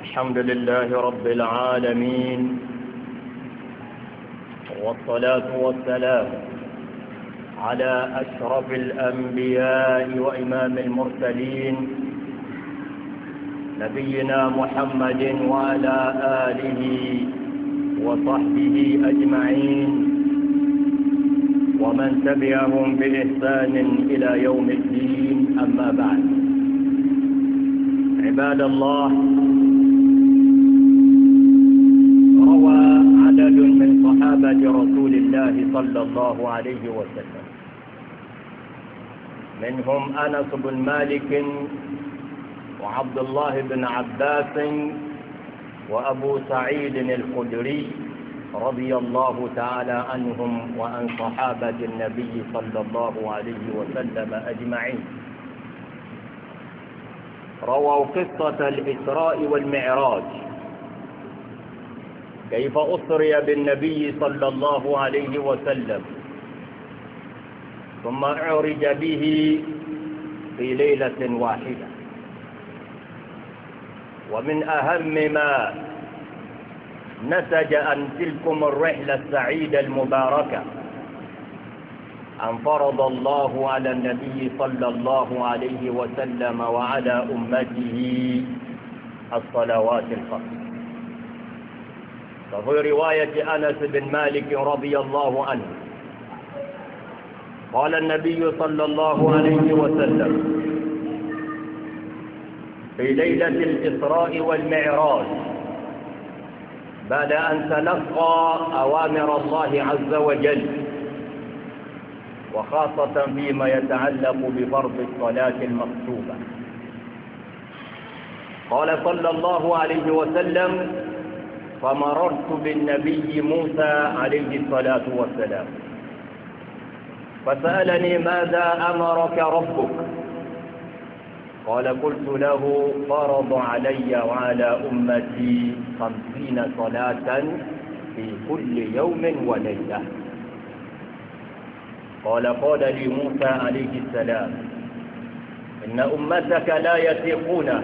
الحمد لله رب العالمين والصلاة والسلام على أشرف الأنبياء وإمام المرسلين نبينا محمد وعلى آله وصحبه أجمعين ومن تبعهم بإحسان إلى يوم الدين أما بعد عباد الله الله صلى الله عليه وسلم منهم أنس بن مالك وعبد الله بن عباس وأبو سعيد الخدري رضي الله تعالى عنهم وعن صحابة النبي صلى الله عليه وسلم أجمعين رووا قصة الإسراء والمعراج كيف أسري بالنبي صلى الله عليه وسلم ثم عرج به في ليلة واحدة ومن أهم ما نتج أن تلكم الرحلة السعيدة المباركة أن فرض الله على النبي صلى الله عليه وسلم وعلى أمته الصلوات الخمس ففي رواية أنس بن مالك رضي الله عنه قال النبي صلى الله عليه وسلم في ليلة الإسراء والمعراج بعد أن تلقى أوامر الله عز وجل وخاصة فيما يتعلق بفرض الصلاة المكتوبة قال صلى الله عليه وسلم فمررت بالنبي موسى عليه الصلاة والسلام فسألني ماذا أمرك ربك قال قلت له فرض علي وعلى أمتي خمسين صلاة في كل يوم وليلة قال قال لي موسى عليه السلام إن أمتك لا يتيقونها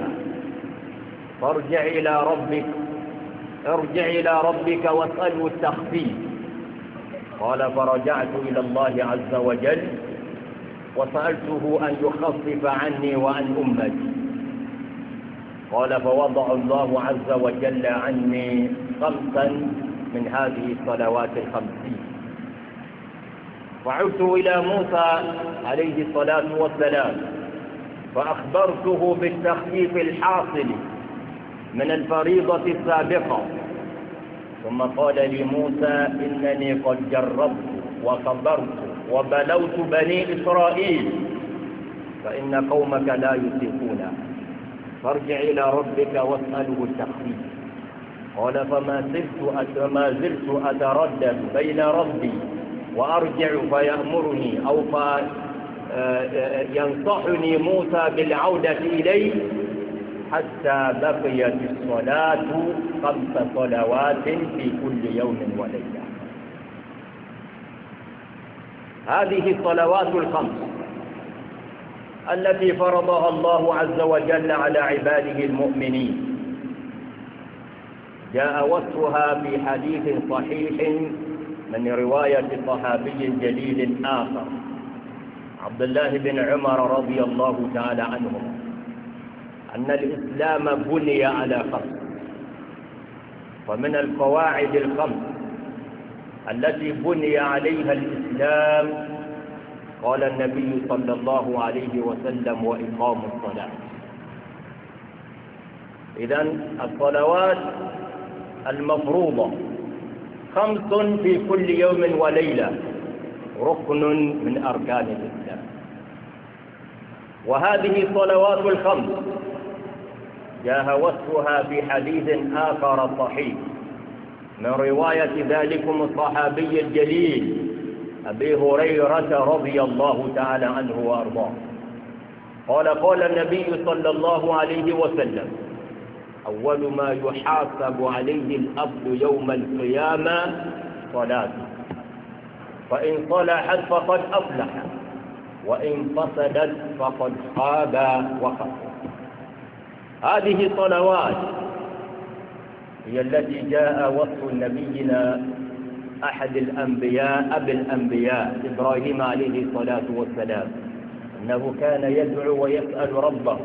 فارجع إلى ربك ارجع إلى ربك واسأله التخفيف قال فرجعت إلى الله عز وجل وسألته أن يخفف عني وعن أمتي قال فوضع الله عز وجل عني خمسا من هذه الصلوات الخمسين وعدت إلى موسى عليه الصلاة والسلام فأخبرته بالتخفيف الحاصل من الفريضة السابقة ثم قال لموسى إنني قد جربت وصبرت وبلوت بني إسرائيل فإن قومك لا يطيقون فارجع إلى ربك واسأله التخفيف قال فما زلت فما زلت أتردد بين ربي وأرجع فيأمرني أو فينصحني آه، آه، موسى بالعودة إليه حتى بقيت الصلاة خمس صلوات في كل يوم وليلة هذه الصلوات الخمس التي فرضها الله عز وجل على عباده المؤمنين جاء وصفها في حديث صحيح من رواية صحابي جليل آخر عبد الله بن عمر رضي الله تعالى عنهما أن الإسلام بني على خمس ومن القواعد الخمس التي بني عليها الإسلام قال النبي صلى الله عليه وسلم وإقام الصلاة إذا الصلوات المفروضة خمس في كل يوم وليلة ركن من أركان الإسلام وهذه الصلوات الخمس جاهوتها في حديث آخر صحيح من رواية ذلكم الصحابي الجليل أبي هريرة رضي الله تعالى عنه وأرضاه قال قال النبي صلى الله عليه وسلم أول ما يحاسب عليه الأبد يوم القيامة صلاته فإن صلحت فقد أفلح وإن فسدت فقد خاب وخسر هذه صلوات هي التي جاء وصف نبينا أحد الأنبياء أبي الأنبياء إبراهيم عليه الصلاة والسلام أنه كان يدعو ويسأل ربه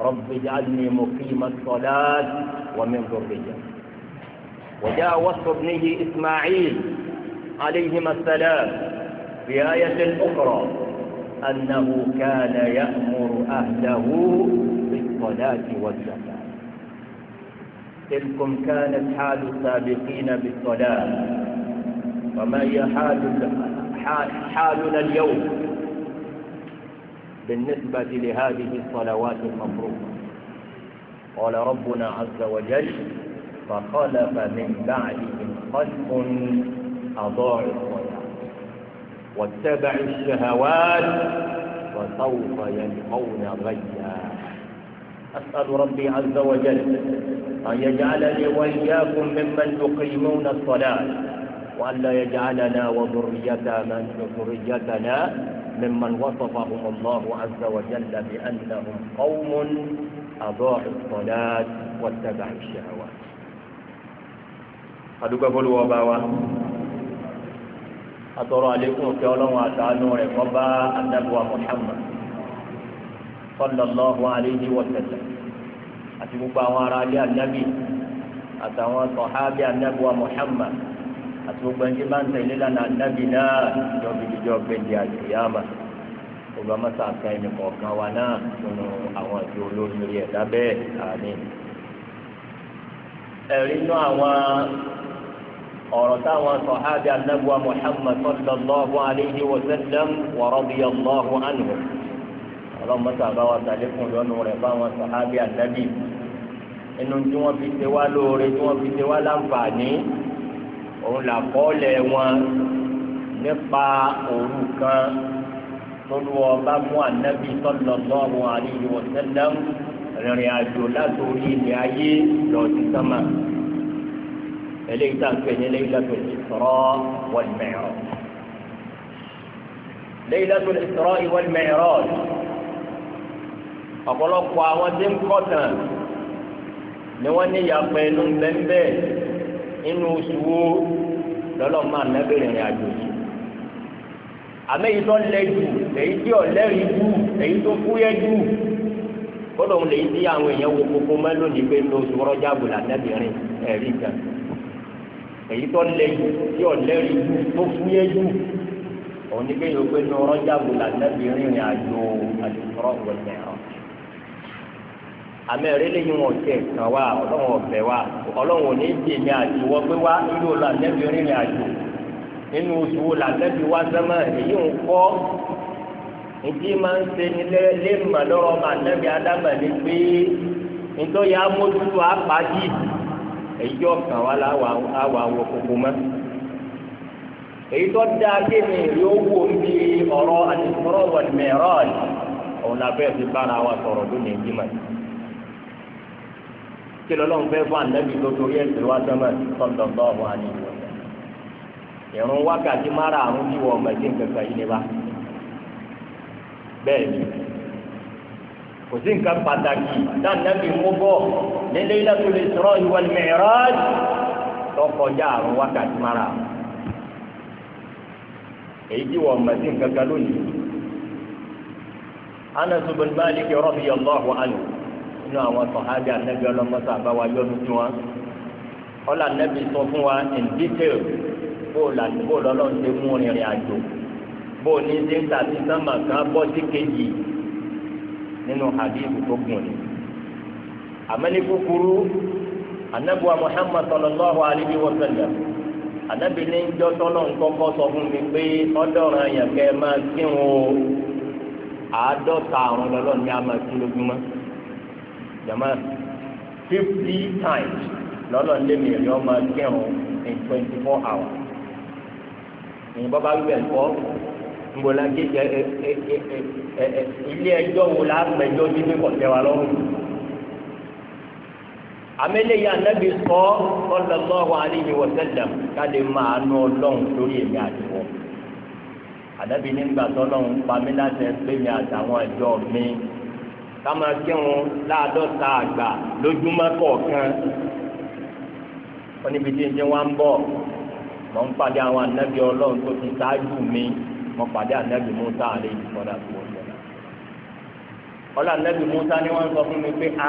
رب اجعلني مقيم الصلاة ومن ذرية وجاء وصف ابنه إسماعيل عليهما السلام في آية أخرى أنه كان يأمر أهله الصلاة والزكاة تلكم كانت حال السابقين بالصلاة وما هي حال حالنا اليوم بالنسبة لهذه الصلوات المفروضة قال ربنا عز وجل فخلف من بعدهم خلف أضاعوا الصلاة واتبعوا الشهوات فسوف يلقون غيا أسأل ربي عز وجل أن يجعلني وإياكم ممن يقيمون الصلاة وأن لا يجعلنا وذريتنا ذريتنا ممن وصفهم الله عز وجل بأنهم قوم أضاعوا الصلاة واتبعوا الشهوات adúgbò قولوا وباوا أترى wa atọrọ àlékún kí Ọlọ́run àtàánú محمد sallallahu alayhi wa sallam àti gbogbo àwọn ará ilé ànábì àtàwọn sọ̀hábì ànábì wa Muhammad àti gbogbo ẹni tí bá ń tẹ̀lé lánàá ànábì náà ìjọba ìjọba gbẹ̀dẹ̀ àdìyàmà gbogbo amásà àka ẹni kọ̀ọ̀kan wa náà nínú àwọn àti olórí ẹ̀dá bẹ́ẹ̀ àní. ẹ̀rí inú àwọn ọ̀rọ̀ táwọn sọ̀hábì ànábì wa Muhammad sallallahu alayhi wa sallam wa radiyallahu anhu ọlọ́mọta àbáwá sàlékún lọ́nu rẹ̀ báwọn sàhábì ànábì inú tí wọ́n fi ṣe wá lóore tí wọ́n fi ṣe wá láǹfààní òun là kọ́ọ̀lẹ̀ wọn nípa òru kan tolúwọ bá mú ànábì sallallahu alaihi wa sallam rìnrìn àjò látòrí ilẹ̀ ayé lọ sí sámà eléyìí tá a pè ní Laylatul Isra wal Mi'raj Laylatul Isra wal Mi'raj ọ̀pọ̀lọpọ̀ àwọn tí ń kọ̀tàn ni wọ́n ní ìyàpẹ́ inú bẹ́ńbẹ́ inú oṣù wo lọ́lọ́ máa nẹ́bẹ̀rẹ̀ ìrìn àjò yìí àmẹ́yìí tó lẹ jù èyí tí ọ̀lẹ́rìí jù èyí tó fúyẹ́ jù ó lóun lè yí àwọn èèyàn wo kókó mẹ́lónìí pé ní oṣù rọ́jàbù làtẹ́bìrin ẹ̀rí kan èyí tó lẹ jù tí ọ̀lẹ́rìí jù tó fúyẹ́ jù òun ní kéèyàn pé ní rọ́jàbù làtẹ́bìrin ìrìn àjò àti ìfọ́rọ̀ wọ̀nyẹ̀rọ̀ àmì ẹ̀rí lè wọn jẹ kàn wá ọlọ́run ọ̀bẹ wá ọlọ́run ní jẹ àjò wọ́n gbé wá nínú oṣù àtẹ́bí rìnrìn àjò nínú oṣù wo làtẹ́bí wá sẹ́mọ̀ èyí ń kọ́ ìdí máa ń ṣe ní lé mọ̀ lọ́rọ̀ ọmọ àtẹ́bí adámọ̀ ní pé nítorí amójútó apájì èyí tó wá láwa wọ kókó mọ́ èyí tó dáa kí yóò wò ń ọ̀rọ̀ àti ìfọ̀rọ̀wọ̀ mẹ́rọ̀ọ̀lì ọ̀nà abẹ́ẹ̀ fi bára wa sọ̀rọ̀ lónìí kí lọ́lọ́run fẹ́ fún ànábì tó torí ẹ̀sìn wá sọ́mọ̀ sọ́dọ̀ bọ́ọ̀bù àníyàn ìrún wákàtí mara àrùn tí wọ́n mọ̀ sí nǹkan yìí ni wa bẹ́ẹ̀ ni kò sí nǹkan pàtàkì dáńdáńbì mú bọ̀ ní Laylatul Isra wal Mi'raj tó kọjá àrùn wákàtí mara èyí tí wọ́n mọ̀ sí lónìí Anas bin Malik radiyallahu anhu nínú àwọn sọ̀hábì ànábì ọlọ́mọsọ àbáwá yọ́nu tí wọ́n ọ̀là ànábì sọ fún wa in detail bóòlù àti bóòlù ọlọ́run ṣe mú rìnrìn àjò bóòlù ní ṣe ń tàbí sánmà kan bọ́ sí kejì nínú hadithu tó gùn ni. àmẹ́lí kúkúrú ànábì wa Muhammad sallallahu alayhi wa sallam ànábì ní jọ́ tọ́lọ́run kọ́kọ́ sọ fún mi pé ọ̀dọ́ràn yẹn kẹ́ máa o àádọ́ta àrùn lọ́lọ́run ní a máa kí lójúmọ́ jama fifty times lọ́lọ́ lémi ẹ̀yọ́ máa kẹ́hùn in twenty four hours ìyìnbọn bá wíwẹ̀ kọ́ ngbola kéde ẹ ẹ ẹ ẹ ilé ẹjọ́ wo la gbẹ́jọ́ dídé kọtẹ wa lọ́rùn amẹ́lẹ́ yìí anabi sọ sallallahu alaihi wa sallam káde máa nù ọlọ́run lórí èmi àdìwọ́ anabi nígbà tọ́lọ́run pamílá tẹ gbẹ̀mí àtàwọn ẹjọ́ mi ká máa kírun láàdọ́ta àgbà lójúmọ́ kọ̀ọ̀kan wọ́n níbi tí njẹ́ wá ń bọ̀ mọ̀ ń pàdé àwọn anábì ọlọ́run tó ti ṣáájú mi mọ̀ pàdé anábì Musa àlẹ́ ìfọ̀dà tó wọ́n lọ. ọlọ́ anábì Musa ni wọ́n sọ fún mi pé a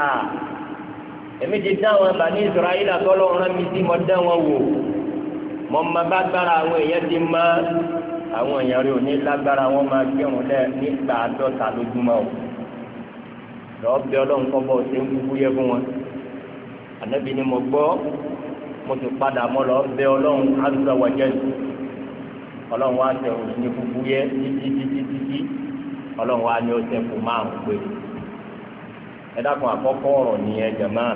èmi ti dá àwọn Bani Israẹli àtọ́lọ́run rán mi sí mo dá wọn wò mọ̀ mọ́ bá gbára àwọn èèyàn ti mọ́ àwọn èèyàn rẹ̀ ò ní lágbára wọn máa gbẹ̀rún lẹ́ nígbà àádọ́ta lójúmọ́ lọ́ọ́ bẹ ọlọ́run kọ́ bọ́ ṣe ń kúkú yẹ fún wọn ànábì ni mo gbọ́ mo ti padà mo lọ́ọ́ bẹ ọlọ́run azza wa jal ọlọ́run wa tẹ òun ní kúkú yẹ títítítítí ọlọ́run wa ni ó tẹ kù márùn pé ẹ dákun àkọ́kọ́ ọ̀rọ̀ nìyẹn jẹ̀mọ́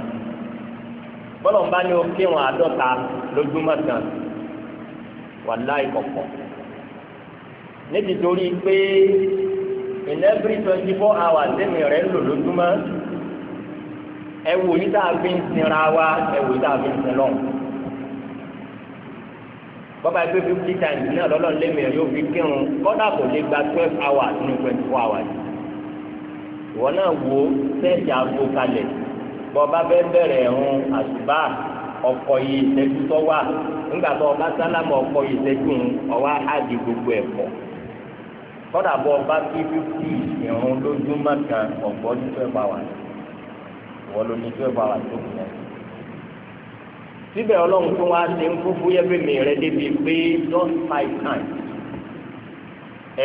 bọ́lọ̀n bá ní o kéwọn àádọ́ta lójúmọ́ kan wàláì kọ̀kọ̀ níbi torí pé. in every twenty four hours lẹ́mi rẹ̀ ń lò lójúmọ́ ẹ wò tá a fi ń sinra wa ẹ tá a fi ń bọ́bá ẹgbẹ́ fifty times náà lẹ́mi rẹ̀ yóò fi kírun gba twelve hours ní twenty four hours. ìwọ náà wo sẹ́ẹ̀sì aago kalẹ̀ bọ́bá bẹ́ẹ̀ bẹ̀rẹ̀ ẹ̀hún àṣùbà ọkọ̀ yìí ìṣẹ́jú tó wà tó ọba kọ́dà bọ́ ọba bí fífi ìrún lójúmọ́ kan ọ̀gbọ́ ní twelve hours wọ́n ló ní twelve hours tó kù yẹn. síbẹ̀ ọlọ́run tó wá ṣe ń fúfú mi rẹ débi pé just five times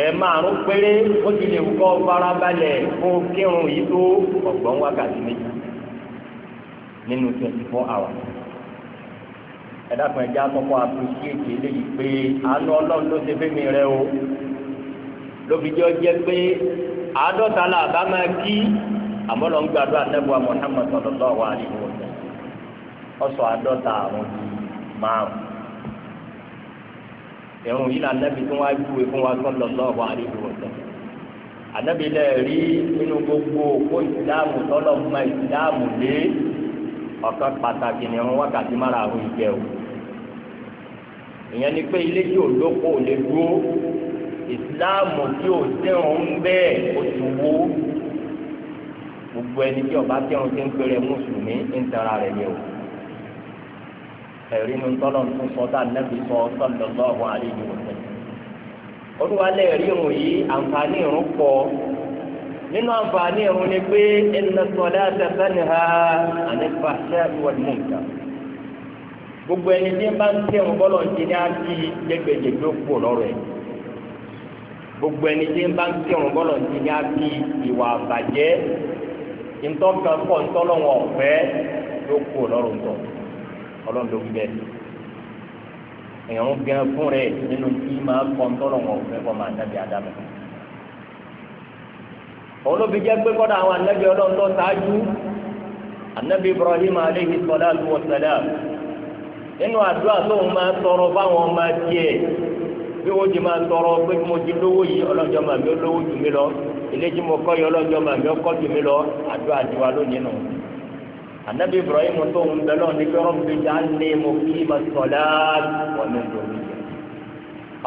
ẹ márùn péré ó ti lè kọ́ farabalẹ̀ fún kírun yìí tó ọ̀gbọ́n wákàtí méjì nínú twenty four hours ẹ dákun ẹ já kọ́kọ́ àpèjì èdè léyìí pé àánú ọlọ́run ló ṣe fẹ́mi rẹ o lóbìjọ́ jẹ́ pé àádọ́ta là bá máa kí àmọ́lọ́ ń gbàdúrà nẹ́bùà Muhammad sallallahu alaihi wasallam ọ̀sọ̀ àádọ́ta àrùn márùn-ún ẹ̀rùn yìí là nẹ́bi tó wáá júwe fún wa sallallahu alaihi wasallam ànábi lẹ rí nínú gbogbo kó ìsìláàmù tọ́lọ̀ mọ ìsìláàmù lé ọ̀kan pàtàkì ní ọ̀run wákàtí márùn-ún ìjẹun ìyẹn ni pé ilé tí ò lóko ò lè dúró ìsìláàmù tí ò dẹ̀rùn ń bẹ́ẹ̀ ó ti wó gbogbo ẹni tí ọba dẹ̀rùn ti ń pèrè mùsùlùmí ń tara rẹ̀ ni o ẹ̀rí ni tọ́lọ̀ tó sọ tá nẹ́bí sọ sallallahu alaihi wasallam olúwalẹ̀ rí irun yìí àǹfààní irun pọ̀ nínú àǹfààní irun ni pé inna salata tanha anil fahsha'i wal munkar gbogbo ẹni tí ń bá ń tẹ̀wọ̀n bọ́lọ̀ ń ti ní á ti jẹgbẹ̀jẹgbẹ̀ kú lọ́rọ̀ ẹ̀. gbogbo ẹni tí ń bá ń kírun bọ́lọ̀ ti ní àbí ìwà àbàjẹ́ ntọ́ka kọ́ ntọ́lọ́wọ́ ọ̀fẹ́ ló kú ọlọ́run tọ̀ ọlọ́run ló fi bẹ́ẹ̀ èèyàn ń fún nínú tí máa ọ̀fẹ́ kọ́ máa dábì jẹ́ pé kọ́dà àwọn anábì ọlọ́run tó ṣáájú anábì Ibrahim aleyhi sọlá lu àdúrà máa tọrọ fáwọn ọmọ bí wọ́n ti máa tọrọ pé mo ti lówó yìí ọlọ́jọ́ màmí ó lówó jù mí lọ ilé tí mo kọ́ yìí ọlọ́jọ́ màmí ó kọ́ jù mí lọ àdó àdìwà lónìí nù. anabi ibrahim tó ń bẹ lọ́wọ́ ní pé ọlọ́run ti já lé mo kí ma sọ̀lá wọn ní lórí yẹn.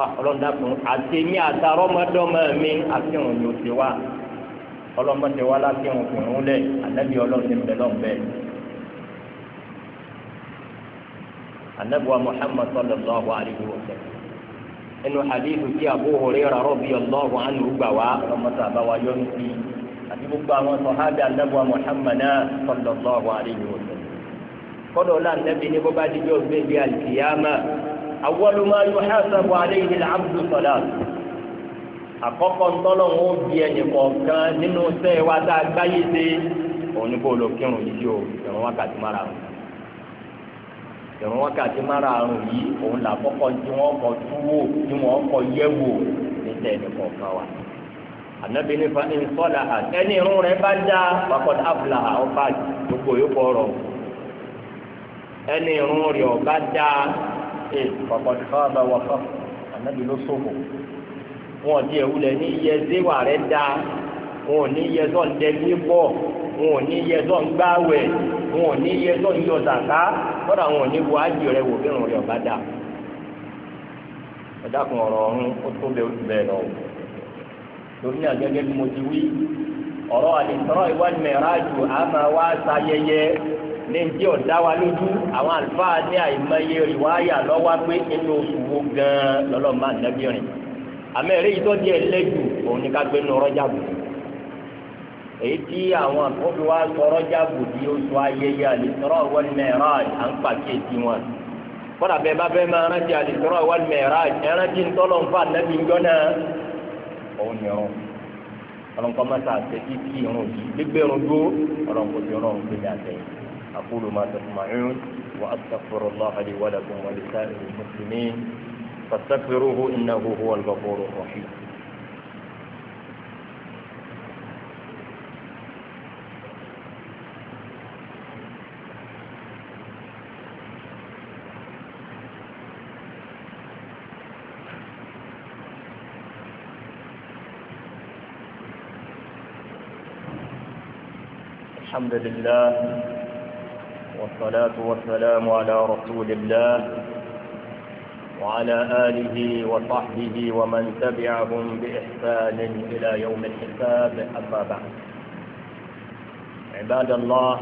Ah, ọlọ́run dàpọ̀ àtẹ̀mí àtàrọ́mọdọ́mọ mi àfihàn ni ó ti wá ọlọ́mọ ti wá láfihàn kùnrin lẹ̀ anabi ọlọ́run ti bẹ lọ́wọ́ bẹ́ẹ̀. anabi wa muhammad sallallahu alayhi wa sallam ẹnu hadithu tí Abu Hurairah radiyallahu anhu gbà wá ọmọọta àbáwá yọnu sí àti gbogbo àwọn sọ̀hábì anábọ̀ Muhammad sallallahu alayhi wa sallam. kọ́dọ̀ náà nẹ́bi ní bọ́bá dídí ọ̀gbẹ́ bíi alìkìyàmà awwalu ma yuhasabu alayhi al-abdu salat. àkọ́kọ́ ntọ́lọ́ ń bí ẹnì kọ̀ọ̀kan nínú sẹ́ẹ̀ wá tá a gbáyé sí òun ní kó lọ kírun yìí o ìrun wákàtí márùn-ún. ìrun wákàtí márààrún yìí òun là kọ́kọ́ tí wọ́n kọ́ túwò tí wọ́n kọ́ yẹ̀wò níta ẹni kọ̀ọ̀kan wa ànábi nípa ìsọ̀lá ẹni irun rẹ̀ bá dá pàkọ́dé abúlà ọba gbogbo yòókù ọ̀rọ̀ ẹni irun rẹ̀ ọba dá pàkọ́dé fáwọn bá wà ànábi ló wọn ti ẹ̀wù lẹ̀ ní iye wọn ò ní yẹ tó ń dẹbí pọ̀ wọn ò ní yẹ tó ń gbáwẹ̀ wọn ò ní yẹ tó ń yọ zàká kọ́dà wọn ò ní wo ájì rẹ wò bí rẹ ọba dà ọ̀dà kan ọ̀rọ̀ ọ̀run ó tó bẹ ojú bẹ́ẹ̀ lọ torí náà gẹ́gẹ́ bí mo ti wí ọ̀rọ̀ àdìsọ́rọ̀ ìwádìí mẹ́ráàjù àmà wá sayẹyẹ ní ti ọ̀dá wa lójú àwọn àlùfáà ní àìmọye ìwáyà lọ́wọ́ pé inú oṣù wo gan-an lọ́lọ́mọ ànábìrin àmẹ́rẹ́ yìí tó di ẹlẹ́jù òun ni ká gbé nu ọ̀rọ̀ jáde èyí tí àwọn àkókò wa sọ̀rọ̀ jáàbù di oṣù ayẹyẹ àlìsọ́rọ̀ wal Mi'raj à ń pàkíyèsí wọn. kọ́dà bẹ́ẹ̀ bá bẹ́ẹ̀ máa rántí àlìsọ́rọ̀ wal Mi'raj ẹrántí ńtọ́lọ̀ ń fa ànábì ńjọ́ náà. òun ni ọ̀run ọlọ́nkọ́ máa sàṣẹ kí kí irun yìí gbígbérun dúró ọlọ́nkọ́ ti ọlọ́run gbé ní àtẹ̀yìn. أقول ما تسمعون وأستغفر الله لي ولكم ولسائر المسلمين فاستغفروه إنه هو الغفور الرحيم الحمد لله والصلاة والسلام على رسول الله وعلى آله وصحبه ومن تبعهم بإحسان إلى يوم الحساب أما بعد عباد الله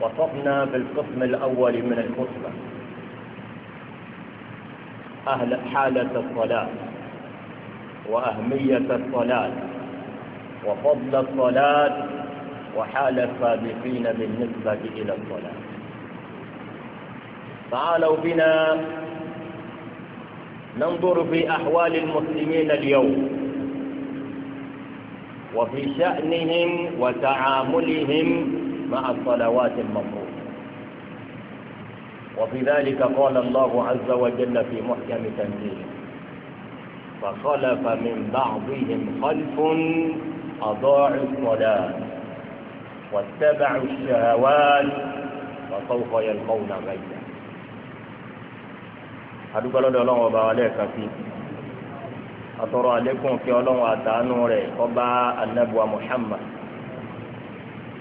وصفنا بالقسم الأول من الخطبة أهل حالة الصلاة وأهمية الصلاة وفضل الصلاة وحال السابقين بالنسبة إلى الصلاة تعالوا بنا ننظر في أحوال المسلمين اليوم وفي شأنهم وتعاملهم مع الصلوات المفروضة وفي ذلك قال الله عز وجل في محكم تنزيله فخلف من بعضهم خلف أضاعوا الصلاة واتبعوا الشهوات وسوف يلقون غيا adúgbò lọ́dọ̀ ọlọ́run ọba wa lẹ́ẹ̀kan sí atọrọ àlékún kí ọlọ́run àtàánú rẹ̀ ọba anabuwa muhammad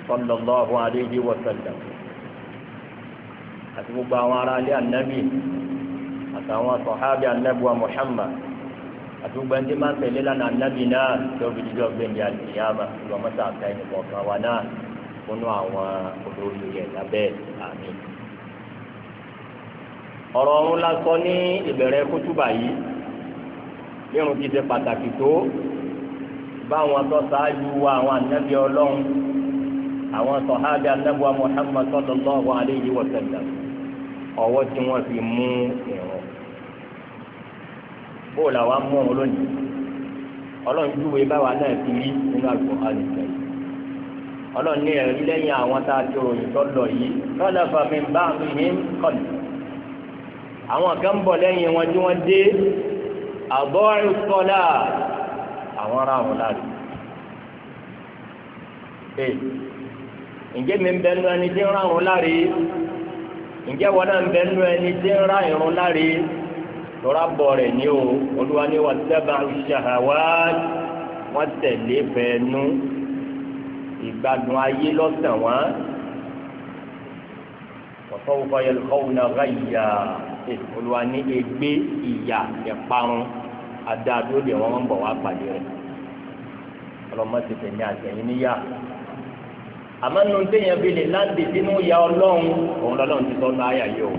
sallallahu alayhi wa sallam àti gbogbo àwọn ará ilé anabi àtàwọn sọhábì anabuwa muhammad àti gbogbo ẹni tí máa ń tẹ̀lé lánàá anabi náà tó fi dídọ́ gbẹ̀ndì àti ìyá àbá ìwà àtàyìn kọ̀ọ̀kan wa náà fúnnú àwọn olórí rẹ̀ lábẹ́ àmì. ọ̀rọ̀ ọ̀run la sọ ní ìbẹ̀rẹ̀ kútùbà yìí irun ti ṣe pàtàkì tó báwọn tó ṣáájú wa àwọn ànábì ọlọ́run àwọn sọ̀hábì ànábì wa Muhammad sallallahu alayhi wa sallam ọwọ́ tí wọ́n fi mú ìrun bó làwọn mú òun lónìí ọlọ́run júwe báwa náà ti rí nínú àgbọ̀n àlùfẹ́ yìí ọlọ́run ní ẹ̀rí lẹ́yìn àwọn tá a ti ròyìn tó lọ yìí lọ́dọ̀ fàmí bá mi ní kọ̀lù. àwọn kan bọ̀ lẹ́yìn wọn tí wọ́n dé àbọ̀ ìsọ̀lá àwọn ará àwọn láàrin. ee ǹjẹ́ mi ń bẹ ẹni tí ń ra àwọn láàrin ǹjẹ́ wọn náà ń bẹ ẹni tí ń ra ìrún láàrin lọ́ra bọ̀ rẹ̀ ní o olúwa ní wàtí sábà ń ṣàhàwá wọ́n tẹ̀lé fẹ́ẹ́ nú ìgbádùn ayé lọ́sàn wọn ọ̀fọwọ́fọ́ yẹn lọ́wọ́ náà ráyà olùwà ní egbé ìyà ẹ̀parun adáadó lè wọ́n ń bọ̀ wá pàdé rẹ̀ ọlọ́mọ ti tẹ̀lé àtẹ̀yìn níyà àmọ́ nínú téèyàn bí lè láǹdì sínú ìyá ọlọ́run òun lọ́lọ́run ti sọ́nù ayà yìí o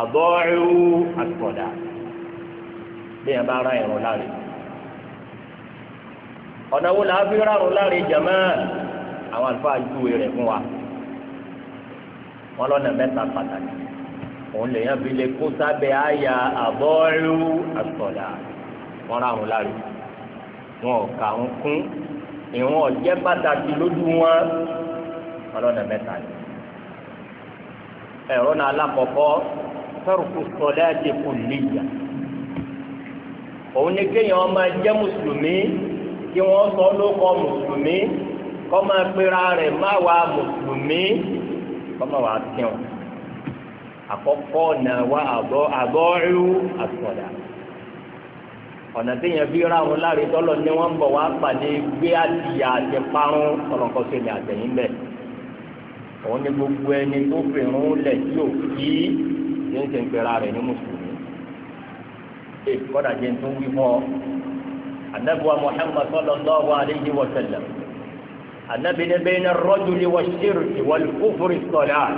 àbọ̀rù àtọ̀dà téèyàn bá ra ìrùn láre ọ̀nà wo làá fi rárun láre jàmáà àwọn àlùfáà júwe rẹ̀ fún wa wọn lọ́nà mẹ́ta pàtàkì òun lèèyàn fi lè kó sábẹ́ àyà àbọ́rú àtọ̀dà wọn ra àwọn láre wọn ò kà ń kún ìwọn ọ̀jẹ́ pàtàkì lójú wọn wọn lọ́nà mẹ́ta ni ẹ̀rọ náà alákọ̀ọ́kọ́ fẹ́rùkù sọ̀dá ti kù níyà òun ni kéèyàn máa jẹ́ mùsùlùmí kí wọ́n sọ ló kọ́ mùsùlùmí kọ́mọ pera rẹ̀ má wàá mùsùlùmí kọ́mọ wàá tẹ̀wọ̀n àkọ́kọ́ ọ̀nà wa àgọ́ àgọ́ ríru àtọ̀dà ọ̀nà tí yẹn fi ra wọn láre tọ́lọ̀ ni wọ́n ń bọ̀ wá pàdé gbé àtìyà àti parun ọ̀rọ̀kọ́sẹ̀ ní àtẹ̀yìn bẹ̀ òun ni gbogbo ẹni tó fìrún lẹ̀ tí ò kí ṣe ń ṣe ń pera rẹ̀ ní mùsùlùmí ẹ kọ́dà jẹ́ tó wí fọ́ anábùwà Muhammad sallallahu alayhi wa sallam. النبي بين الرجل والشرك والكفر الصلاة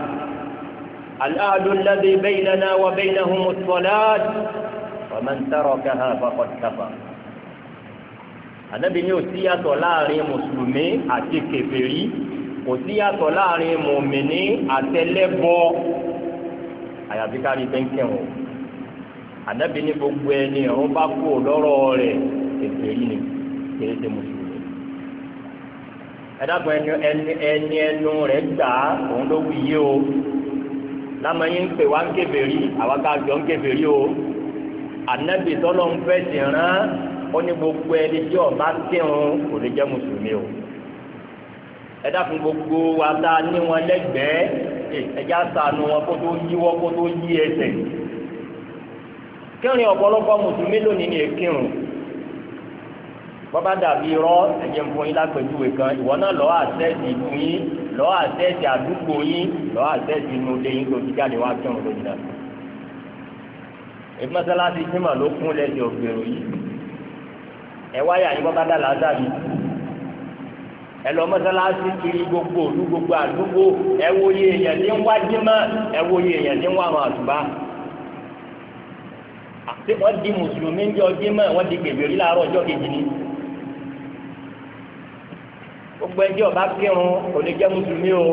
الأهل الذي بيننا وبينهم الصلاة فمن تركها فقد كفر النبي ní òsíyàtọ̀ láàrin mùsùlùmí àti kèfèrí òsíyàtọ̀ láàrin mùmìnì àtẹlẹ́bọ àyàfi kárí pẹ́ńkẹ́wọ̀n ànábì ní gbogbo ẹni ọ̀run bá kú lọ́rọ̀ rẹ̀ kèfèrí ni kèé ṣe mùsùlùmí ẹ̀dàgbọ́n ẹni ẹni ẹni ẹnu rẹ̀ gbà á òun ló wù yí o lámẹ́yìn ń pè wá ń kébèrí àwa ká jọ ń kébèrí o ànábì tọ́lọ́ ń fẹ́ sì rán ó ní gbogbo ẹni tí ọba kírun kò lè jẹ́ mùsùlùmí o ẹ̀dàkùn gbogbo wa tá a ní wọn lẹ́gbẹ̀ẹ́ ẹ̀já sànù wọn kó tó yíwọ́ kó tó yí ẹsẹ̀ kírun ọ̀pọ̀lọpọ̀ mùsùlùmí lónìí ni èkírun bọ́bá dàbí irọ́ ẹ̀jẹ̀ ń fún yín lápẹ̀júwe kan ìwọ náà lọ́ọ́ àṣẹ́ẹ̀sì ìlú yín lọ́ọ́ àṣẹ́ẹ̀sì àdúgbò yín lọ́ọ́ àṣẹ́ẹ̀sì inú ilé yín tó ti jáde wá kí ọ̀run lójú náà. ìfúnmọ́sálásí símọ̀ ló kún lẹ́sẹ̀ ògbèrò yìí ẹ wáyà yín bọ́bá dàlá dàbí ẹ lọ mọ́sálásí kiri gbogbo òlu gbogbo àdúgbò ẹ wòye èèyàn ní wájú mọ́ ẹ wòye èèyàn ní wàrùn àtùbá àti wọ́n di mùsùlùmí ní ọjọ́ mọ́ wọ́n di kèbèrè láàárọ̀ ọjọ́ kejì ni gbogbo ẹjẹ ọba kírun kò lè jẹ́ mùsùlùmí o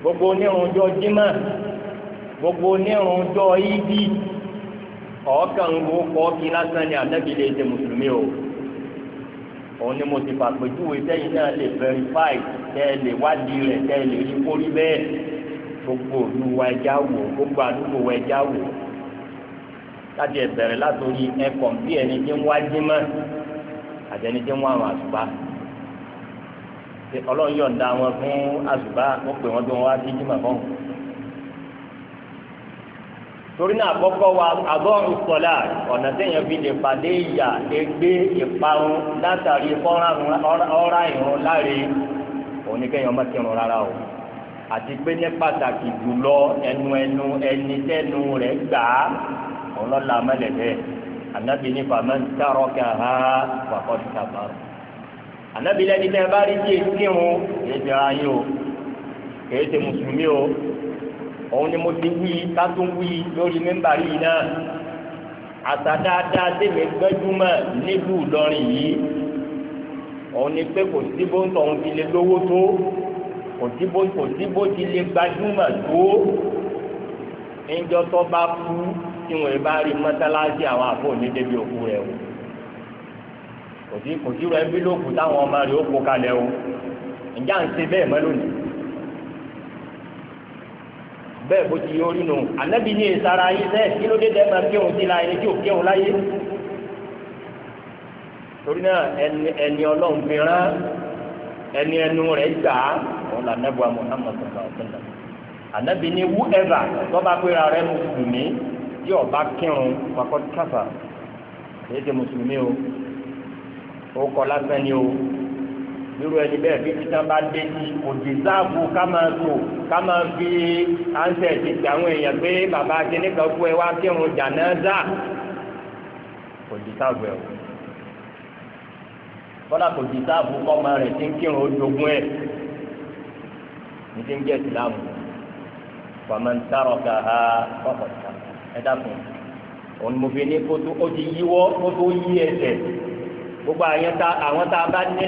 gbogbo onírun jọ jimá gbogbo onírun jọ ibi ọ̀ọ́kàn wo kọ́ọ̀kì lásán ni ànábì lè ṣe mùsùlùmí o òun ni mo ti fàpèjúwe sẹ́yìn náà lè verify tẹ́ ẹ lè wádìí rẹ̀ tẹ́ ẹ lè rí kórí bẹ́ẹ̀ gbogbo òdu wa ẹja wò gbogbo àdúgbò wa ẹja wò láti ẹ̀bẹ̀rẹ̀ látòrí ẹ kọ̀m̀pì ẹni tí ń wá jímọ̀ àti tí ń wá àwọn àtúbà ọlọ́run yọ̀ǹda wọn fún àṣùbá wọn pè wọ́n bí wọ́n wá sí jimá fọ́n. torí náà àkọ́kọ́ wa àgọ́rùn sọ̀lá ọ̀nà téèyàn fi lè pàdé ìyà egbé ìparun látàrí ọ̀rá ìrun láre òun ni kéèyàn má kírun rárá o àti pé ní pàtàkì jùlọ ẹnu ẹnu ẹni tẹnu rẹ̀ gbà á òun lọ́la mẹ́lẹ̀ bẹ́ẹ̀ ànábì ní fàmẹ́ntàrọ́kà ha fàkọ́sí kàbàrọ̀ ànábi lẹ́ni tẹ́ bá rí díẹ̀ kírun kìí ti ra yín o kìí ti mùsùlùmí o òun ni mo ti wí kátó wí lórí mẹ́mbàrí yìí náà àtàdáadáa tèmi gbẹ́júmọ̀ nílùú Ìlọrin yìí òun ni pé kò sí bó ń tọ̀ òun ti lè lówó tó kò sí bó kò sí bó ti lè gbajúmọ̀ tó ẹnjọ́ tó bá kú tí wọ́n bá rí mọ́sálásí àwọn àfọ̀ onídébí òkú rẹ̀ o kò sí kò sí rẹ bí lóòkù táwọn ọmọ rẹ ó kó kalẹ̀ o ǹjẹ́ à ń ṣe bẹ́ẹ̀ mọ́ lónìí bẹ́ẹ̀ bó ti yọ orí nù ànábì ní ìsara yín sẹ́ẹ̀ kí ló dé dẹ́ máa kéwọn sí la ẹni tí ò kéwọn láyé torí náà ẹni ẹni ọlọ́run fi rán ẹni ẹnu rẹ̀ gbà á wọn là nẹ́bùa Muhammad sallallahu alaihi wasallam ànábì ní wúẹ́bà tọ́ba péra rẹ̀ mùsùlùmí tí ọba kírun pàkọ́ káfà èyí ti mùsùlùmí o. ó kọ lásán ni o irú ẹni bẹ́ẹ̀ bí títan bá dé sí òdìsáàbù ká máa ká máa fi ti ti àwọn èèyàn pé bàbá a kú ẹ wá kírun jánásà òdìsáàbù o kọ́lá kò dìsáàbù kọ́mọ rẹ̀ tí ń kírun ẹ̀ ní ti ń jẹ́ ha ẹ dákun òun mo fi ní kótó ó ti yíwọ́ kótó gbogbo àwọn tá a bá ní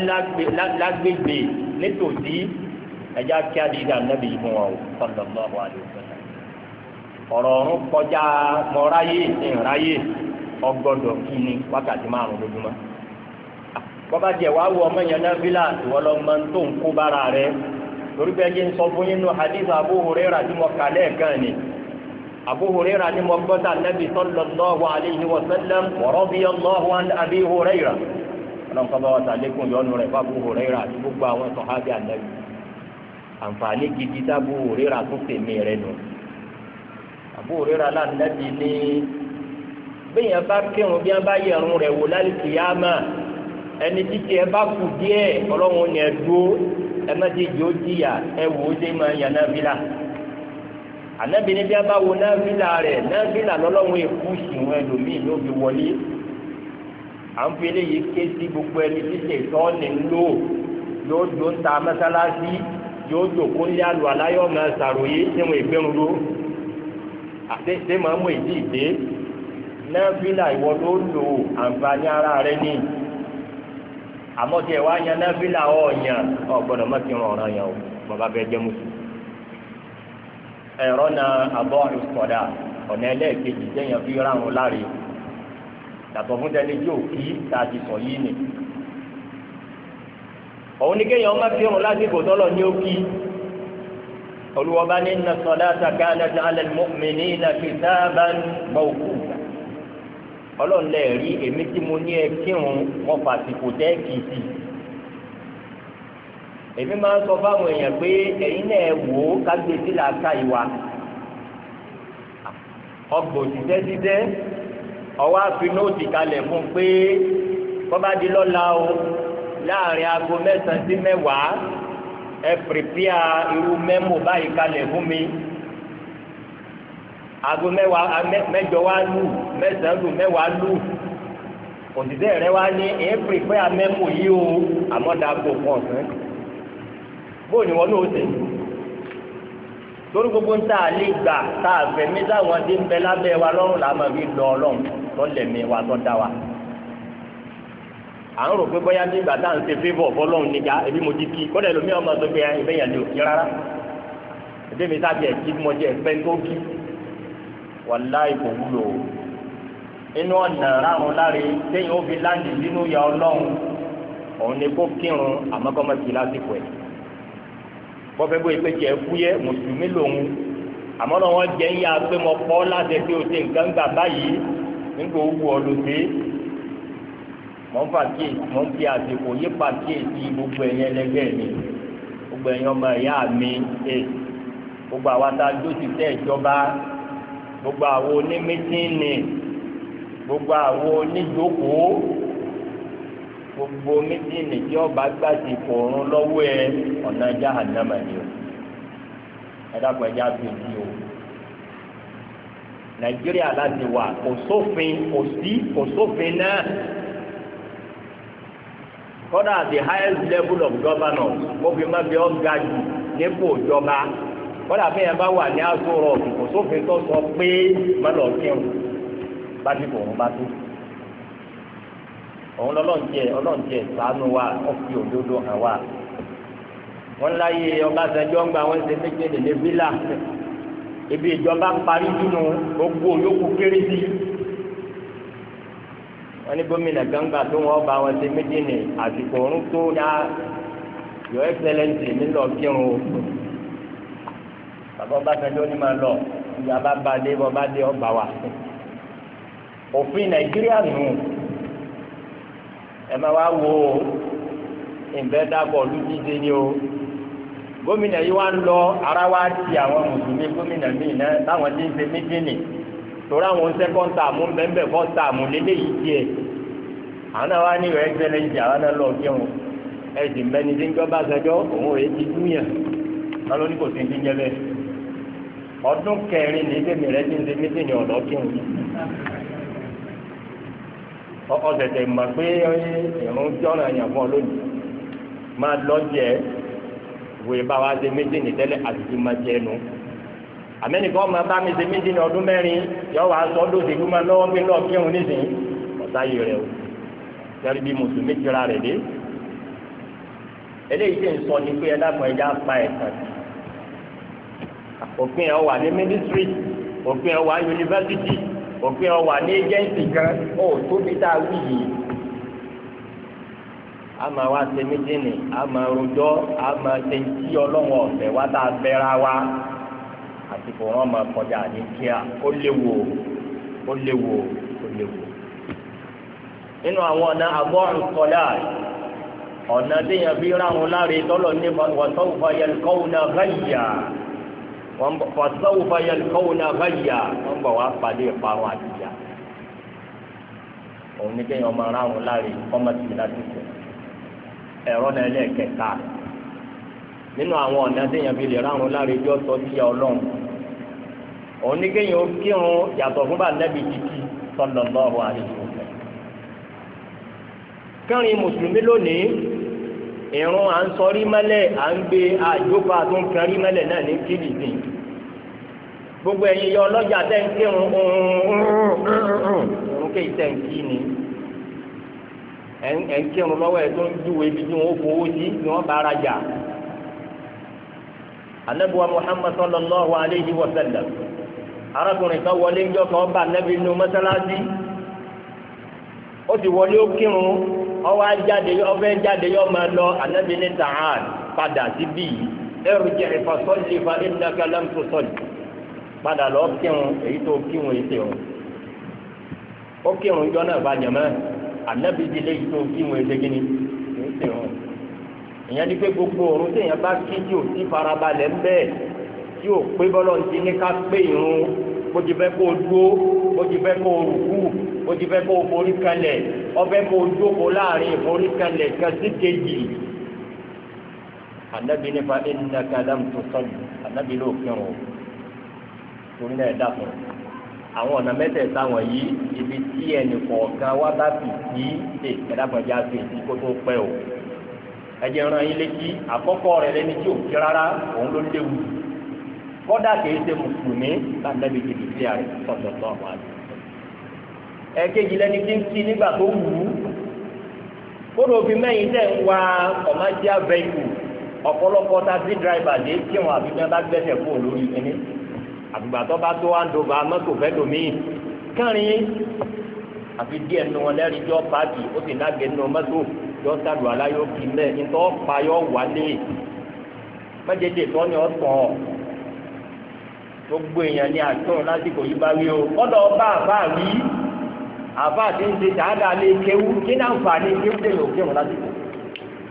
lágbègbè nítòsí ẹja kí adìyẹ ànábì yìí fún wa o sallallahu alaihi wasallam ọ̀rọ̀ ọ̀run kọjá mọ́ráyé ìráyé ọgbọ́dọ̀ kí ni wákàtí márùn lójúmọ́ bọ́bá jẹ́ wàá wọ ọmọ yẹn náà fílà ìwọ lọ máa ń tó ń kó bára rẹ torí bẹ́ẹ̀ jẹ́ ń sọ fún yín nù hadith Abu Hurairah tí mo kà lẹ́ẹ̀kan ni Abu Hurairah ni mo gbọ́dọ̀ ànábì sallallahu alaihi wasallam wa radiyallahu an Abi Hurairah ọlọ́nkọ́bá wa sàlékún yọnu rẹ̀ fábù Huraira àti gbogbo àwọn sọ̀hábì ànábì àǹfààní gidi sábù Huraira tún tèmi rẹ̀ nù. Abu Huraira lánàbì ní bẹ́yẹn bá kírun bí wọ́n bá yẹ̀rùn rẹ̀ wò lálùkìyàmà ẹni títí ẹ bá kù díẹ̀ ọlọ́run ni ẹ dúró ẹ má ti jò jìyà ẹ wò ó dé máa yàn náà bílà ànábì ní bí wọ́n bá wo náà bílà rẹ̀ náà bílà lọ́lọ́run èkú sùn ẹlòmíì ló fi wọlé à ń fi eléyìí ké sí gbogbo ẹni tí ṣètọ́ ní ń lò yóò dó ń ta mọ́sálásí yóò dòkó ní àlù aláyọ̀ máa ṣàròyé níwọ̀n ìgbẹ́rún ló àtẹ̀sé máa mú ìdí ìdé náà fílà ìwọ ló lò àǹfààní ara rẹ ní àmọ́ tí ẹ wá yan náà fílà ọ̀ọ̀yàn ọ̀gbọ́dọ̀ má ti ràn yàn o bàbá bẹ jẹ́ mùsùlùmí ẹ̀rọ na àbọ̀ ìsọ̀dà ọ̀nà ẹlẹ́ẹ̀kejì jẹ́yàn fi ráhùn láre yàtọ̀ fún tẹni tí ò kí tá a ti sọ yìí ni. òun ni kéèyàn má fi hàn lásìkò tọ́lọ̀ ní ó kí olùwọ́ba ní inna salata kanat ala al-mu'minina kitaban mawquta ọlọ́run lè rí èmi tí mo ní ẹ kírun wọn fàsìkò tẹ́ kì í sí èmi máa ń sọ fáwọn èèyàn pé ẹ̀yin náà wò ó kágbèsí làákà ìwà ọgbọ̀n òṣìṣẹ́ dídẹ́ ọwọ́ àfi nóòtì kalẹ̀ fún pé bọ́bá di lọ́la o láàrin aago mẹ́sàn-án sí mẹ́wàá ẹ pèpìà irú mẹ́mò báyìí kalẹ̀ fún mi aago mẹ́wàá mẹ́jọ wá lù mẹ́sàn-án lù mẹ́wàá lù òtítẹ́ rẹ wá ní ẹ pèpìà mẹ́mò yìí o àmọ́ pọ̀ sẹ́yìn bóyá wọn ló ṣe yìí torí gbogbo ń tà lè gbà tá a fẹ̀mí táwọn ti ń bẹ lábẹ́ wa lọ́rùn làá máa fi lọ ọlọ́run tó lẹ̀mí wa tó dá wa. à ń rò pé bóyá ní ìgbà tá à ń ṣe favour fọlọ́run níjà ebi mo ti kí kọ́dà ẹlòmí ọmọ tó gbé ẹgbẹ́ yẹn lè kí rárá ẹbí mi sáà tiẹ̀ mo jẹ́ ẹgbẹ́ tó kí wàláì kò wúlò inú ọ̀nà ráhùn láre téèyàn ó fi láǹdì nínú ya ọlọ́run òun ni kó kírun àmọ́ bọ́fẹ́ bóyá pé jẹ́ fúyẹ́ mùsùlùmí lòun àmọ́ náà wọ́n jẹ́ ń yá pé mo pọ́ láti pé o ṣe nǹkan gbà báyìí nígbà owó ọlọ́dẹ mọ̀ ń pàkíyèsí mọ̀ ń fi àsìkò yí pàkíyèsí gbogbo ẹ̀yìn ẹlẹgbẹ́ mi gbogbo ẹ̀yìn ọmọ ìyá mi ẹ̀ e, gbogbo àwa tá ti tẹ́ ìjọba gbogbo àwo onímítínì gbogbo àwo oníjókòó gbogbo méjì nìjí ọba gbàdé kòrún lọ́wọ́ ẹ ọ̀nà jahannama ni o ẹ̀dàpọ̀ ẹ̀dá tó di o nàìjíríà láti wà kò sófin kò sí kò sófin náà kódà the highest level of governance kófí má bí ọ́ ga jù nípò ìjọba kódà bí yẹn bá wà ní aṣọ rọ̀ kò sófin tó sọ pé má lọ kírun bá ti kòrún bá tó òun lọ́lọ́ọ̀jẹ ọlọ́ọ̀jẹ ṣàánú wa ọ̀fi òdodo hàn wa. wọ́n láyé ọbaṣẹ́jọ́ ń gba àwọn ẹsẹ̀ méjèèjì ní fílà ibi ìjọba parí dúnú gbogbo yòókù kéré sí i wọ́n ní gómìnà gbangba tó wọ́n bá wọn ṣe méjì ní àsìkò ọ̀run tó dá your excellence mi kírun o bàbá ọbásanjọ́ ni máa lọ ìyá bá ba dé bọ́ bá dé ọgbà wa òfin nàìjíríà nù. ẹ máa wo ìbẹ́ dàbọ̀ lójijì ni o gómìnà yìí wá ń lọ ara wá ti àwọn mùsùlùmí gómìnà míì náà táwọn ti ń ṣe méjìlì torí àwọn sẹ́kọ̀ǹd tààmù bẹ́ẹ̀ fọ́ tààmù lélẹ́yìí tiẹ̀ àwọn náà wá ní ìrẹ́ ẹgbẹ́lẹ́ ìjà àwọn náà lọ jẹun ẹ̀sìn mẹ́ni tí ń bá òun ti ní kò sí ní jẹ́ bẹ́ẹ̀ ọdún kẹrin ní ti ń ọ̀sẹ̀sẹ̀ mọ̀ pé ìrún jọ́nà yàn fún ọ lónìí máa lọ́jẹ̀ wòye bá wa ṣe méjì ní tẹ́lẹ̀ àtìkí máa jẹ́ nu àmẹ́nìkan ọmọ bá mi ṣe méjì ní ọdún mẹ́rin yọ wàá sọ ọdún òṣèlú máa lọ́wọ́ pé lọ́ọ̀ kírun nísìnyí ọ̀tá yìí rẹ̀ o sẹ́rí bí mùsùlùmí tira rẹ̀ dé eléyìí tí ń sọ ni pé ẹ̀dá kan ẹja pa ẹ̀sán òfin ẹ̀ wà ní mínísírì òfin ẹ̀ wà yunifásitì òfin ọwà ní ẹ́jẹ̀ǹsì kan ó tóbi tá a wí yìí a máa wá ṣe méjìlì a máa rojọ́ a máa ṣe tí ọlọ́wọ́ ọ̀fẹ́ wá tá a wa àsìkò wọn máa kọjá ní kíá ó léwu ó léwu ó léwu nínú àwọn ọ̀nà ọ̀nà ráhùn láre tọ́lọ̀ ní wọ́n wọn bọ fasawu bayan kawuna baya wọn bọ wàá pàdé ìparun àtìyà òun ní kéèyàn máa ráhùn láàrin kọ́mọ̀tì lásìkò ẹ̀rọ náà ẹlẹ́ẹ̀kẹta nínú àwọn ọ̀nà téèyàn fi lè ráhùn láàrin bí ọ̀sọ́ sí ọlọ́run òun ní kéèyàn ó kírun yàtọ̀ fún bá nẹ́bi títí sallallahu alaihi wasallam kẹrin mùsùlùmí lónìí ìrún à ń sọrí mẹ́lẹ̀ à ń gbé àjọpá tó ń kẹrí mẹ́lẹ̀ náà ní kílìdì gbogbo ẹ̀yin yọ ọlọ́jà tẹ́ ń kírun òun mm, mm, mm, kéyìí tẹ́ ń kí ni ẹ̀ ń kírun lọ́wọ́ ẹ̀ tó ń júwe ibi tí wọ́n fowó sí ni wọ́n bá ara jà anabuwa muhammad sallallahu alayhi wa sallam arákùnrin kan wọlé ń jọ kan bá anabi inú mọ́sálásí ó ti wọlé ó ọwọ́ ajáde ọfẹ́ jáde yọ máa lọ anabi ní tàhán padà síbí ẹrù jẹ̀rẹ̀ fasọ́lì fa innaka lam tusalli padà lọ kírun èyí tó kírun ètè o ó kírun ìjọ náà bá jẹmọ ànábi di lé èyí tó kírun ètè gíní ètè o ìyẹn ni pé gbogbo òrùn tí èèyàn bá kí tí ò sí farabalẹ̀ ń bẹ́ẹ̀ tí ò pé bọ́lọ̀ ń ti ní ká pé irun bó ti fẹ́ kó o dúó bó ti fẹ́ kó o rùkú bó ti fẹ́ kó o forí kalẹ̀ ọbẹ̀ kó o jókòó láàrin ìforí kalẹ̀ kan sí kejì ànábi nípa ẹni náà kí adámù tó sọ́ọ̀dù ànábi ló kírun o torí náà ẹ̀dá kan àwọn ọ̀nà mẹ́tẹ̀ẹ̀ta wọ̀nyí ibi tí ẹnì kọ̀ọ̀kan wá bá fi sí ṣe ẹ̀dá kan sí kó tó pẹ́ o ẹ̀jẹ̀ ràn yín létí àkọ́kọ́ rẹ̀ lẹ́ni tí ò rárá òun ló léwu kọ́dà kìí ṣe mùsùlùmí láńdẹ́bí ti fi sílẹ̀ rẹ̀ àwọn àti ẹ̀kejì lẹ́ni tí ń kí nígbà tó wù ú kódò fi mẹ́yìn tẹ̀ ń wa commercial vehicle ọ̀pọ̀lọpọ̀ taxi driver dé kí wọn àbí àtùgbà tó bá tó wáńdò bá mọ́tò fẹ́ lómi kẹrin àfi díẹ̀ nù wọn lẹ́rìí jọ pààkì ó sì lágbè nù mọ́tò yọ sàlù aláyọ̀ kì mẹ́ ntọ́ payọ́ wálé mẹ́jẹ̀dẹ̀ tó ni ọ̀ tọ̀ gbogbo èèyàn ni àtún lásìkò yìí bá wí o ọ̀dọ̀ ọba àbá rí àbá àti ń ṣe dáadáa lé kéwú kí náà ń fà ní kéwú lè yòókè wọn lásìkò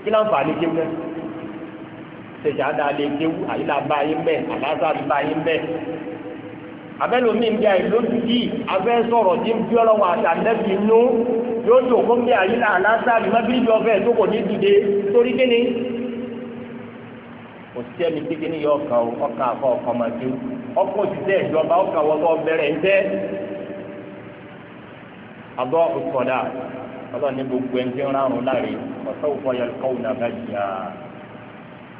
kí náà ń fà ní kéwú lẹ́yìn. ṣèjà dáadé kéwú àyílà bá yín bẹ́ẹ̀ àlázàbí bá yín bẹ́ẹ̀. abẹ́lómi ń bí àyè lójijì abẹ́ sọ̀rọ̀ tí ń bí ọlọ́wọ́ àtàlẹ́bí inú yóò tó kó bí àyílà àlázàbí má bí tó kò ní dìde torí kíni. kò sí ẹni tí kíni yọ ọkà ọkà àfọ ọkọ máa ké ọkọ òṣìṣẹ́ ìjọba ọkà bẹ̀rẹ̀ ń tẹ́ abọ́ ọlọ́ni gbogbo ń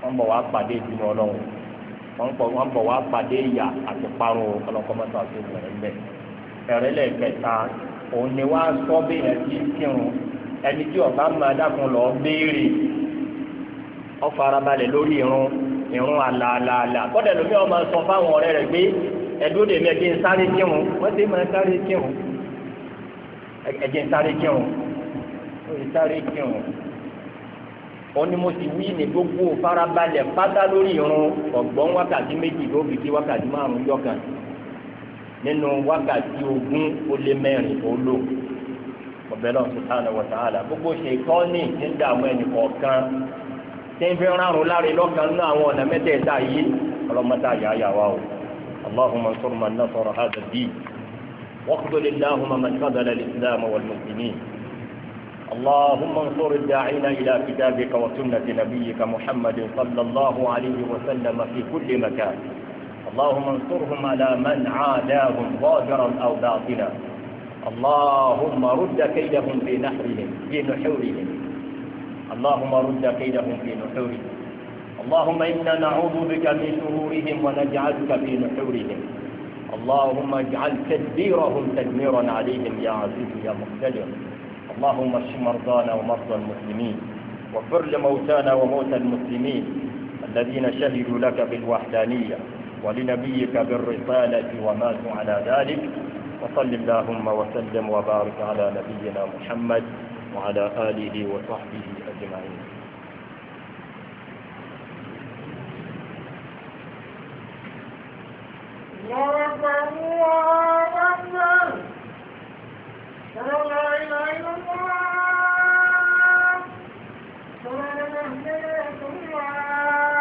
wọ́n bọ̀ wá pàdé ìdùnnú ọlọ́run wọ́n bọ̀ wá pàdé ìyà àti parun ọlọ́kọ́mọ́tò àti ìwọ̀n ẹgbẹ́ ẹ̀rẹ́ lẹ́ẹ̀kẹta òun ni wá sọ bí ẹ̀ ti kírun ẹni tí ọba máa dákun lọ béèrè ó lórí irun irun àlàálàálà kọ́dẹ̀ lómi ọmọ sọ fáwọn ọ̀rẹ́ rẹ̀ pé ẹ̀dúró dèmi ẹ̀jẹ̀ ń sáré kírun wọ́n ti máa sáré kírun ẹ̀jẹ̀ sáré kírun ó ti sáré kírun wọn ni mo ti wí ní gbogbo farabalẹ̀ pátá lórí irun ọ̀gbọ́n wákàtí méjì tó fi kí wákàtí márùn yọkàn nínú wákàtí ogún ó lé mẹ́rin ó lò ọ̀bẹ náà subhanahu wa ta'ala gbogbo ṣe kọ́ ní ìdíńdà àwọn ẹnì kọ̀ọ̀kan tí ń fi rárun láre lọ́kàn nínú àwọn ọ̀nà mẹ́tẹ̀ẹ̀ta yìí ọlọ́mọta yàáyà wa o allahumma sọ̀rọ̀ man nasara hadha ad-din waqtul allahumma man qadala al-islam wal muslimin. اللهم انصر الداعين إلى كتابك وسنة نبيك محمد صلى الله عليه وسلم في كل مكان اللهم انصرهم على من عاداهم ظاهرا أو باطنا اللهم رد كيدهم في نحرهم في نحورهم اللهم رد كيدهم في نحورهم اللهم إنا نعوذ بك من شرورهم ونجعلك في نحورهم اللهم اجعل تدبيرهم تدميرا عليهم يا عزيز يا مقتدر اللهم اشف مرضانا ومرضى المسلمين واغفر لموتانا وموتى المسلمين الذين شهدوا لك بالوحدانية ولنبيك بالرسالة وماتوا على ذلك وصل اللهم وسلم وبارك على نبينا محمد وعلى آله وصحبه أجمعين الله أكبر الله أكبر أشهد أن لا إله إلا الله صلى الله عليه وسلم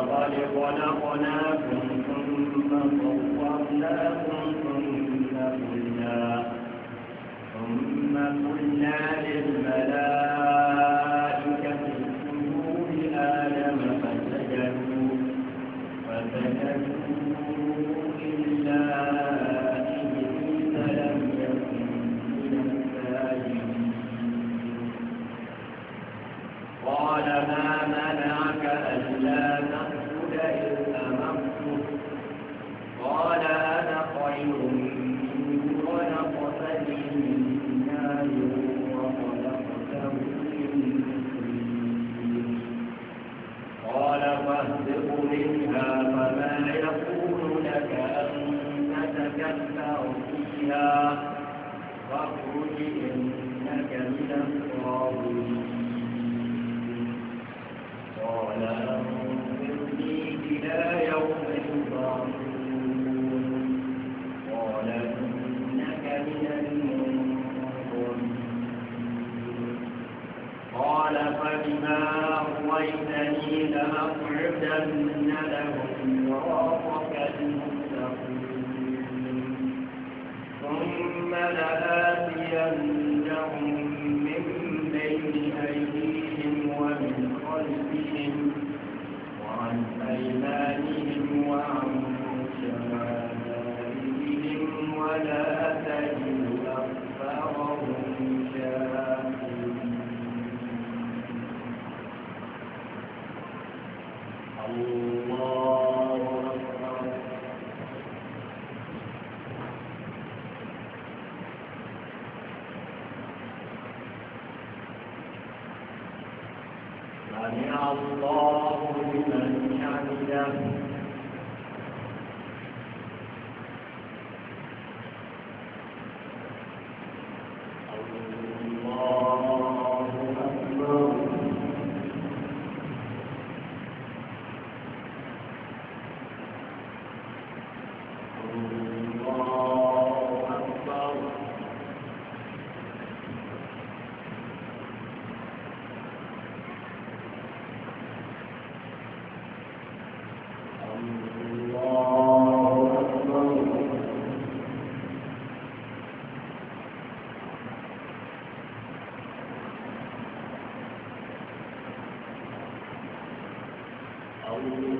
ولقد خلقناكم ثم صورناكم ثم قلنا ثم قلنا ثم لآتينهم من بين وعن أيمانهم أعوذ